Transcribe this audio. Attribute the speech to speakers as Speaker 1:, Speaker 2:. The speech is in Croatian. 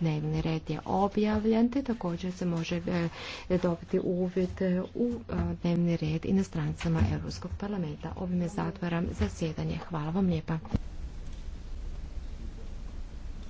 Speaker 1: dnevni red je objavljen, te također se može e, dobiti uvid e, u e, dnevni red i na strancama Europskog parlamenta. Ovime zatvaram zasjedanje. Hvala vam lijepa.